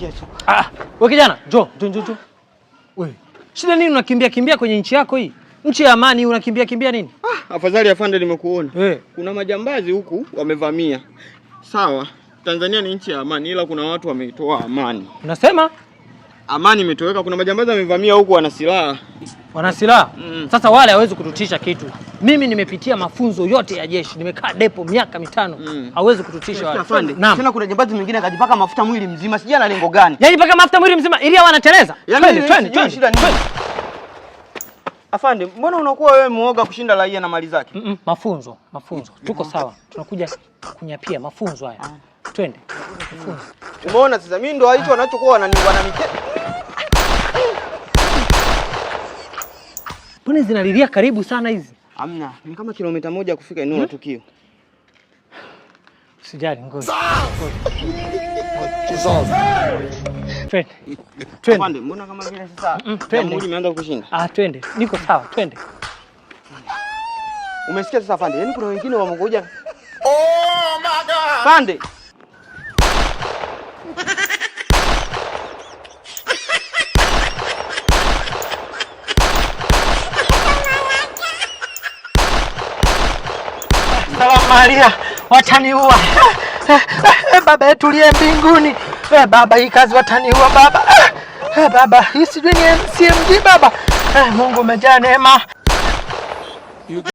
Yesu. Ah, wewe kijana, njoo, njoo, njoo. Wewe, shida nini unakimbia kimbia kwenye nchi yako hii? Nchi ya amani unakimbia kimbia nini? Ah, afadhali afande nimekuona. Hey. Eh. Kuna majambazi huku wamevamia. Sawa, Tanzania ni nchi ya amani ila kuna watu wameitoa amani. Unasema? Amani imetoweka, kuna majambazi wamevamia huku wana silaha. Wana silaha mm. Sasa wale hawezi kututisha kitu. Mimi nimepitia mafunzo yote ya jeshi, nimekaa depo miaka mitano, mm. hawezi kututisha wale. Tena kuna jambazi mwingine akajipaka mafuta mwili mzima, sijui ana lengo gani? Yaani paka mafuta mwili mzima ili hawa anateleza. Yaani twende twende twende. Afande, mbona unakuwa wewe muoga kushinda raia na mali zake? mm -mm. Mafunzo, mafunzo. Tuko sawa. Tunakuja kunyapia mafunzo haya. Ah. Twende. Umeona sasa mimi ndo hicho wanachokuwa wanani wanamike Mbona zinalilia karibu sana hizi? Hamna, ni kama kilomita moja kufika eneo la hmm? tukio. Usijali, ngoja. Twende. Twende. Hmm, hmm, imeanza kushinda. Ah, twende. Niko sawa, twende. Umesikia sasa Yaani kuna wengine wamekuja. Oh my God. Fande. Maria, wataniua eh, baba, etulie mbinguni eh, baba, hii kazi wataniua baba, eh, baba hii sijui ni CMG baba, Mungu umejaa neema.